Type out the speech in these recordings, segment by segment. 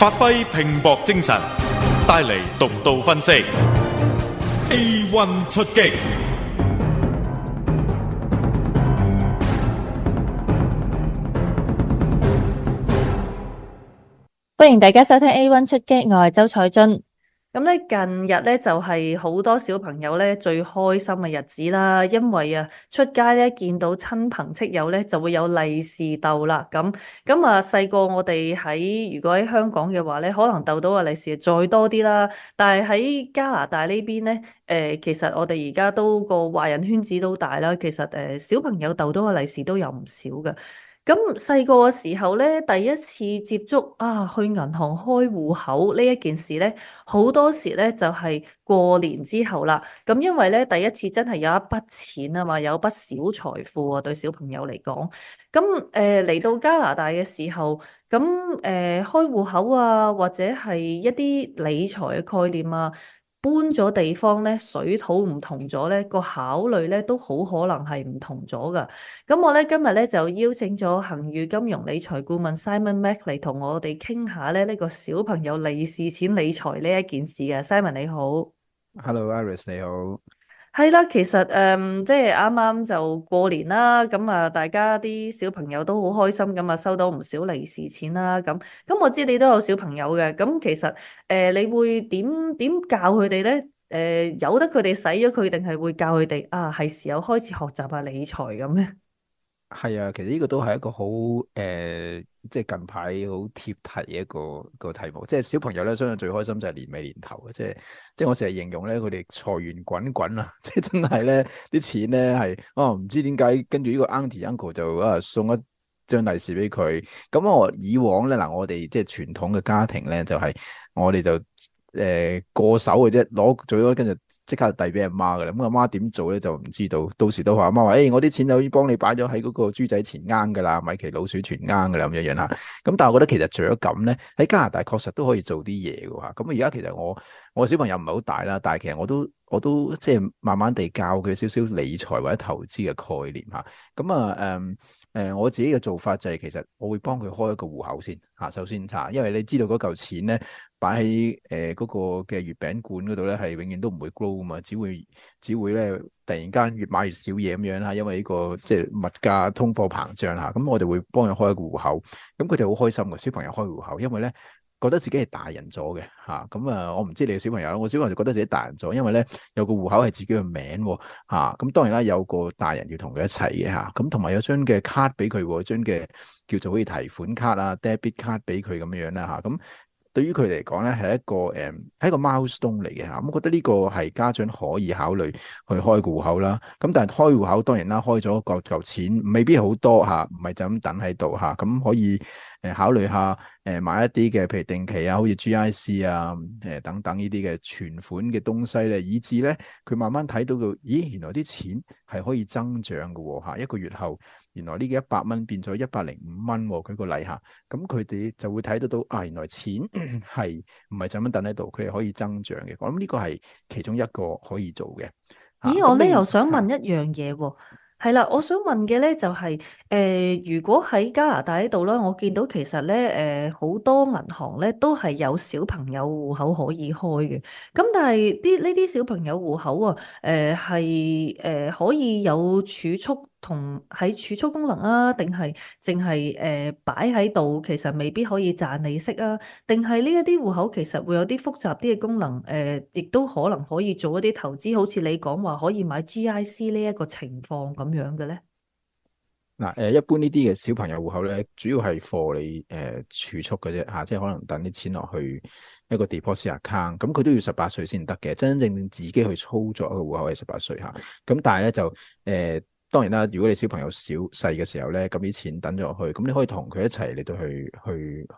發揮拼搏精神，帶嚟獨到分析。A one 出擊，歡迎大家收聽 A one 出擊，我係周采蓁。咁咧，近日咧就係好多小朋友咧最開心嘅日子啦，因為啊出街咧見到親朋戚友咧就會有利是逗啦，咁咁啊細個我哋喺如果喺香港嘅話咧，可能逗到嘅利是，是再多啲啦，但係喺加拿大呢邊咧，誒、呃、其實我哋而家都個華人圈子都大啦，其實誒、呃、小朋友逗到嘅利是都有唔少㗎。咁細個嘅時候咧，第一次接觸啊，去銀行開戶口呢一件事咧，好多時咧就係、是、過年之後啦。咁因為咧第一次真係有一筆錢啊嘛，有筆小財富啊，對小朋友嚟講。咁誒嚟到加拿大嘅時候，咁誒、呃、開戶口啊，或者係一啲理財嘅概念啊。搬咗地方咧，水土唔同咗咧，個考慮咧都好可能係唔同咗噶。咁我咧今日咧就邀請咗恒譽金融理財顧問 Simon Mak 嚟同我哋傾下咧呢個小朋友利是錢理財呢一件事嘅。Simon 你好，Hello，Iris 你好。係啦、 嗯，其實誒、嗯，即係啱啱就過年啦，咁、嗯、啊，大家啲小朋友都好開心，咁、嗯、啊，收到唔少利是錢啦，咁、嗯，咁、嗯、我知你都有小朋友嘅，咁、嗯、其實誒、呃，你會點點教佢哋咧？誒、呃，由得佢哋使咗佢，定係會教佢哋啊？係時候開始學習下、啊、理財咁咧？係啊，其實呢個都係一個好誒、呃，即係近排好貼題嘅一個一個題目。即係小朋友咧，相信最開心就係年尾年頭嘅，即係即係我成日形容咧，佢哋財源滾滾啊！即係真係咧，啲錢咧係哦，唔知點解，跟住呢個 aunty uncle 就啊送一張利是俾佢。咁我以往咧嗱，我哋即係傳統嘅家庭咧，就係、是、我哋就。誒、呃，過手嘅啫，攞最多跟住即刻就遞俾阿媽㗎啦。咁阿媽點做咧就唔知道，到時都話阿媽話：誒、哎，我啲錢就可以幫你擺咗喺嗰個豬仔錢罌噶啦，米奇老鼠錢罌噶啦咁樣樣吓。咁但係我覺得其實除咗咁咧，喺加拿大確實都可以做啲嘢噶吓。咁而家其實我我小朋友唔係好大啦，但係其實我都。我都即係慢慢地教佢少少理財或者投資嘅概念嚇。咁啊誒誒、嗯呃，我自己嘅做法就係其實我會幫佢開一個戶口先嚇。首先啊，因為你知道嗰嚿錢咧擺喺誒嗰個嘅月餅罐嗰度咧，係永遠都唔會 grow 啊嘛，只會只會咧突然間越買越少嘢咁樣嚇。因為呢、呢個即係、就是、物價通貨膨脹嚇。咁我哋會幫佢開一個戶口。咁佢哋好開心㗎，小朋友開戶口，因為咧。覺得自己係大人咗嘅嚇，咁啊、嗯、我唔知你嘅小朋友啦，我小朋友就覺得自己大人咗，因為咧有個戶口係自己嘅名喎嚇，咁、啊嗯、當然啦有個大人要同佢一齊嘅嚇，咁同埋有張嘅卡俾佢喎，張、啊、嘅叫做好似提款卡，卡樣啊、debit 卡俾佢咁樣樣啦嚇，咁。對於佢嚟講咧，係一個誒，係、呃、一個 milestone 嚟嘅嚇、嗯。我覺得呢個係家長可以考慮去開個戶口啦。咁但係開戶口當然啦，開咗個嚿錢未必好多嚇，唔、啊、係就咁等喺度嚇。咁、啊嗯、可以誒考慮下誒、呃、買一啲嘅，譬如定期啊，好似 GIC 啊，誒、呃、等等呢啲嘅存款嘅東西咧，以至咧佢慢慢睇到個，咦，原來啲錢係可以增長嘅喎、啊、一個月後，原來呢個一百蚊變咗一百零五蚊喎。舉、這個例嚇，咁佢哋就會睇得到啊，原來錢。係唔係就咁等喺度？佢係可以增長嘅，我諗呢個係其中一個可以做嘅。咦，啊、我咧又想問一樣嘢喎，係啦、啊，我想問嘅咧就係、是，誒、呃，如果喺加拿大呢度咧，我見到其實咧，誒、呃，好多銀行咧都係有小朋友戶口可以開嘅，咁但係啲呢啲小朋友戶口啊，誒、呃，係誒、呃、可以有儲蓄。同喺儲蓄功能啊，定係淨係誒擺喺度，其實未必可以賺利息啊。定係呢一啲戶口其實會有啲複雜啲嘅功能，誒亦都可能可以做一啲投資，好似你講話可以買 GIC 呢一個情況咁樣嘅咧。嗱誒，一般呢啲嘅小朋友戶口咧，主要係 for 你誒儲蓄嘅啫嚇，即係可能等啲錢落去一個 deposit account，咁佢都要十八歲先得嘅，真真正正自己去操作一個戶口係十八歲嚇。咁但係咧就誒。當然啦，如果你小朋友小細嘅時候咧，咁啲錢等咗落去，咁你可以同佢一齊嚟到去去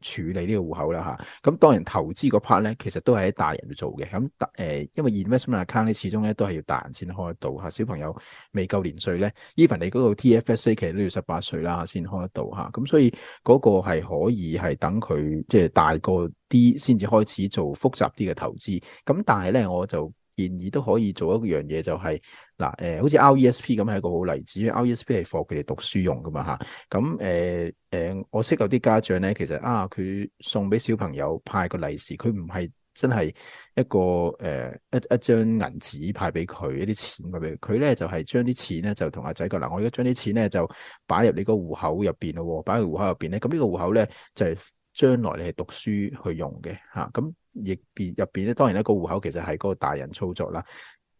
去處理呢個戶口啦嚇。咁、啊啊、當然投資嗰 part 咧，其實都係喺大人度做嘅。咁、啊、誒，因為 investment account 咧，始終咧都係要大人先開得到嚇、啊。小朋友未夠年歲咧，even 你嗰個 TFSA 其實都要十八歲啦先、啊、開得到嚇。咁、啊啊、所以嗰個係可以係等佢即係大個啲先至開始做複雜啲嘅投資。咁、啊、但係咧我就。建而都可以做一個樣嘢，就係嗱誒，好似 RESP 咁係一個好例子。因為 RESP 係幫佢哋讀書用噶嘛嚇。咁誒誒，我識有啲家長咧，其實啊，佢送俾小朋友派個利是，佢唔係真係一個誒一個、呃、一,一張銀紙派俾佢一啲錢佢哋。佢咧就係將啲錢咧就同阿仔講嗱，我而家將啲錢咧就擺入你，戶你戶、啊、個戶口入邊咯，擺入戶口入邊咧。咁呢個戶口咧就係、是、將來你係讀書去用嘅嚇。咁、啊啊啊亦入入邊咧，當然咧，個戶口其實係嗰個大人操作啦，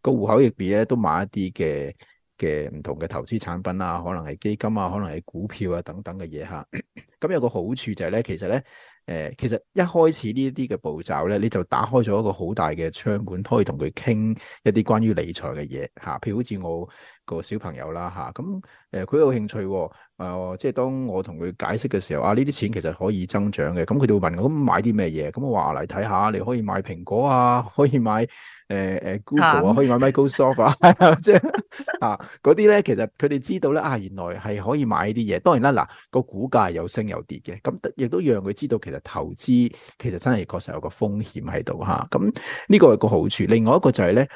個戶口入邊咧都買一啲嘅嘅唔同嘅投資產品啊，可能係基金啊，可能係股票啊等等嘅嘢嚇。 咁有個好處就係咧，其實咧，誒其實一開始呢一啲嘅步驟咧，你就打開咗一個好大嘅窗管，可以同佢傾一啲關於理財嘅嘢吓，譬如好似我個小朋友啦吓，咁誒佢有興趣、哦，誒、呃、即係當我同佢解釋嘅時候，啊，呢啲錢其實可以增長嘅。咁佢哋會問我，咁、啊、買啲咩嘢？咁我話嚟睇下，看看你可以買蘋果啊，可以買誒誒、呃、Google 啊，可以買 Microsoft 啊，即係 啊啲咧，其實佢哋知道咧，啊，原來係可以買呢啲嘢。當然啦，嗱、啊、個股價有升有跌嘅，咁亦都讓佢知道，其實投資其實真係確實有個風險喺度吓，咁、啊、呢、這個係個好處。另外一個就係、是、咧，誒、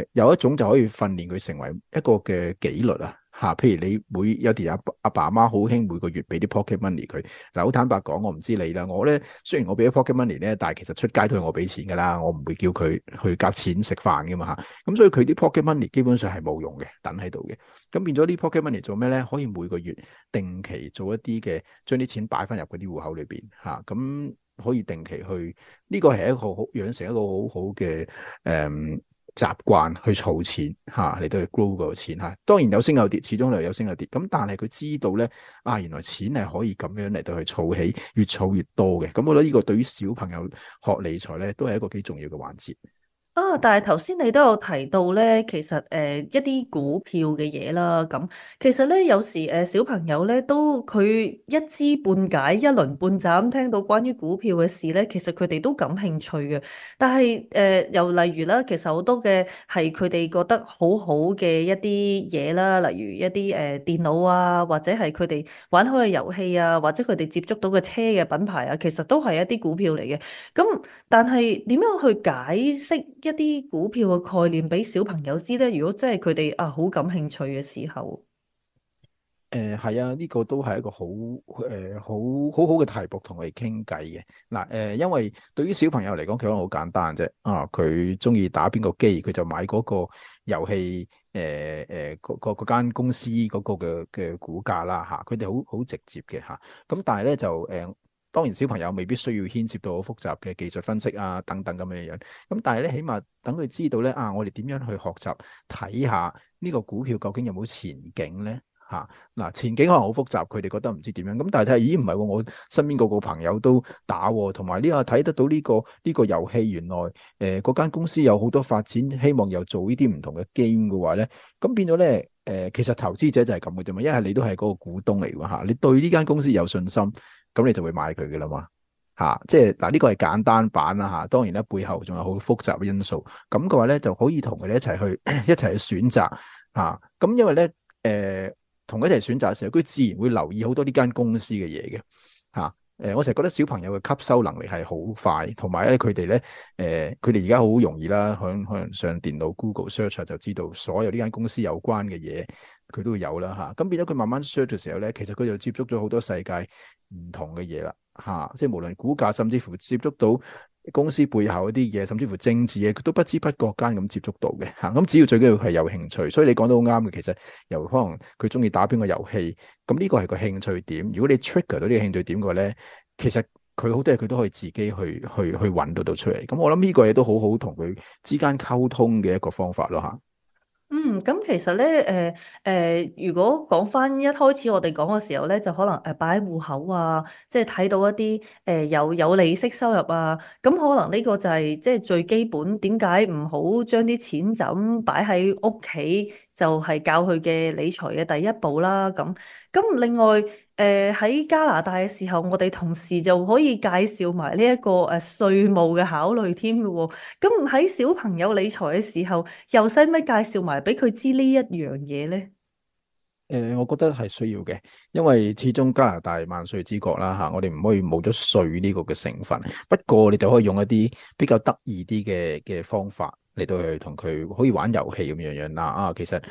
呃，有一種就可以訓練佢成為一個嘅紀律啊。吓，譬如你每有啲阿阿爸阿媽好興，每個月俾啲 pocket money 佢，嗱，好坦白講，我唔知你啦。我咧，雖然我俾咗 pocket money 咧，但係其實出街都係我俾錢噶啦，我唔會叫佢去夾錢食飯噶嘛吓。咁所以佢啲 pocket money 基本上係冇用嘅，等喺度嘅。咁變咗啲 pocket money 做咩咧？可以每個月定期做一啲嘅，將啲錢擺翻入嗰啲戶口裏邊吓，咁、啊、可以定期去。呢個係一個好養成一個好好嘅，誒。嗯習慣去儲錢吓，嚟、啊、到去 grow 個錢吓、啊。當然有升有跌，始終嚟有升有跌。咁但係佢知道咧，啊，原來錢係可以咁樣嚟到去儲起，越儲越多嘅。咁、啊、我覺得呢個對於小朋友學理財咧，都係一個幾重要嘅環節。啊！但係頭先你都有提到咧，其實誒、呃、一啲股票嘅嘢啦，咁其實咧有時誒、呃、小朋友咧都佢一知半解，一鱗半爪咁聽到關於股票嘅事咧，其實佢哋都感興趣嘅。但係誒、呃、又例如啦，其實好多嘅係佢哋覺得好好嘅一啲嘢啦，例如一啲誒、呃、電腦啊，或者係佢哋玩開嘅遊戲啊，或者佢哋接觸到嘅車嘅品牌啊，其實都係一啲股票嚟嘅。咁但係點樣去解釋？一啲股票嘅概念俾小朋友知咧，如果真係佢哋啊好感興趣嘅時候，誒係啊，呢、這個都係一個、呃、好誒好好好嘅題目同佢哋傾偈嘅嗱誒，因為對於小朋友嚟講，其實好簡單啫啊，佢中意打邊個機，佢就買嗰個遊戲誒誒、呃呃、個嗰間公司嗰、那個嘅嘅股價啦吓，佢哋好好直接嘅吓，咁、啊、但係咧就誒。呃當然小朋友未必需要牽涉到好複雜嘅技術分析啊等等咁嘅樣，咁但係咧起碼等佢知道咧啊，我哋點樣去學習睇下呢個股票究竟有冇前景咧吓，嗱前景可能好複雜，佢哋覺得唔知點樣，咁但係、就、睇、是、咦唔係、啊、我身邊個個朋友都打、啊，同埋呢個睇得到呢、呢個呢、呢個遊戲原來誒嗰間公司有好多發展，希望又做呢啲唔同嘅 game 嘅話咧，咁變咗咧。誒，其實投資者就係咁嘅啫嘛，因為你都係嗰個股東嚟嘅吓，你對呢間公司有信心，咁你就會買佢嘅啦嘛，吓、啊，即係嗱呢個係簡單版啦吓、啊，當然咧背後仲有好複雜嘅因素，咁嘅話咧就可以同佢哋一齊去一齊去選擇啊，咁因為咧誒，同、呃、一齊選擇嘅時候，佢自然會留意好多呢間公司嘅嘢嘅吓。啊誒、欸，我成日覺得小朋友嘅吸收能力係好快，同埋咧佢哋咧，誒，佢哋而家好容易啦，可能上電腦 Google search 就知道所有呢間公司有關嘅嘢，佢都會有啦嚇。咁、啊、變咗佢慢慢 search 嘅時候咧，其實佢就接觸咗好多世界唔同嘅嘢啦嚇、啊，即係無論股價，甚至乎接觸到，公司背後一啲嘢，甚至乎政治嘢，佢都不知不覺間咁接觸到嘅吓。咁只要最緊要係有興趣，所以你講得好啱嘅。其實由可能佢中意打邊個遊戲，咁呢個係個興趣點。如果你 trigger 到呢個興趣點嘅咧，其實佢好多嘢佢都可以自己去去去搵到到出嚟。咁我諗呢個嘢都好好同佢之間溝通嘅一個方法咯吓。嗯，咁、嗯、其實咧，誒、呃、誒、呃，如果講翻一開始我哋講嘅時候咧，就可能誒擺喺戶口啊，即係睇到一啲誒、呃、有有利息收入啊，咁、嗯、可能呢個就係即係最基本。點解唔好將啲錢就咁擺喺屋企？就係教佢嘅理財嘅第一步啦，咁咁另外，誒喺加拿大嘅時候，我哋同時就可以介紹埋呢一個誒稅務嘅考慮添嘅喎。咁喺小朋友理財嘅時候，又使唔使介紹埋俾佢知呢一樣嘢咧。誒，我覺得係需要嘅，因為始終加拿大萬稅之國啦嚇，我哋唔可以冇咗稅呢個嘅成分。不過你就可以用一啲比較得意啲嘅嘅方法。嚟到去同佢可以玩遊戲咁樣樣啦啊，其實誒、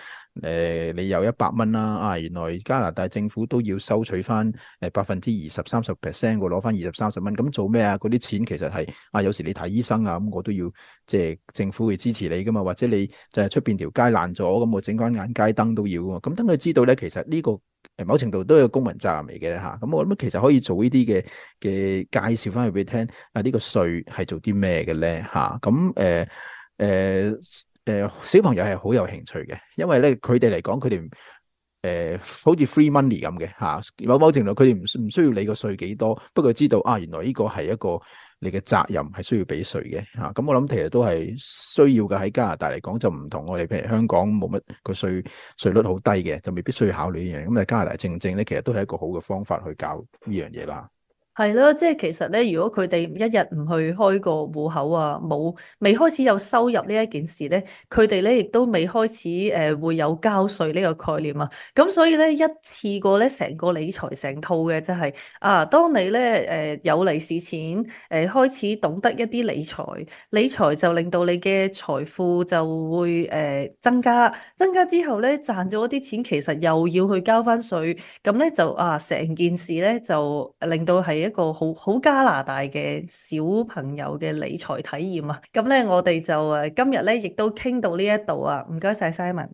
呃、你有一百蚊啦啊，原來加拿大政府都要收取翻誒百分之二十三十 percent 嘅攞翻二十三十蚊，咁做咩啊？嗰啲錢其實係啊，有時你睇醫生啊，咁、嗯、我都要即係、呃、政府會支持你噶嘛，或者你就係出邊條街爛咗，咁、嗯、我整翻盞街燈都要咁，等、嗯、佢知道咧，其實呢、這個誒、呃、某程度都有公民責任嚟嘅吓。咁、啊嗯、我諗其實可以做呢啲嘅嘅介紹翻去俾你聽啊，呢、這個稅係做啲咩嘅咧吓咁誒。啊啊啊啊啊啊啊啊誒誒、呃呃，小朋友係好有興趣嘅，因為咧，佢哋嚟講，佢哋誒好似 free money 咁嘅吓，某某程度佢哋唔唔需要你個稅幾多，不過知道啊，原來呢個係一個你嘅責任係需要俾稅嘅吓，咁、啊、我諗其實都係需要嘅。喺加拿大嚟講就唔同我哋，譬如香港冇乜個稅稅率好低嘅，就未必需要考慮呢樣。咁喺加拿大正正咧，其實都係一個好嘅方法去教呢樣嘢啦。係咯，即係其實咧，如果佢哋一日唔去開個戶口啊，冇未開始有收入呢一件事咧，佢哋咧亦都未開始誒、呃、會有交稅呢個概念啊。咁所以咧一次過咧成個理財成套嘅、就是，就係啊，當你咧誒、呃、有利是錢誒、呃、開始懂得一啲理財，理財就令到你嘅財富就會誒、呃、增加。增加之後咧賺咗嗰啲錢，其實又要去交翻稅，咁咧就啊成件事咧就令到係一。一個好好加拿大嘅小朋友嘅理財體驗啊！咁咧我哋就誒今日咧亦都傾到呢一度啊，唔該晒，Simon。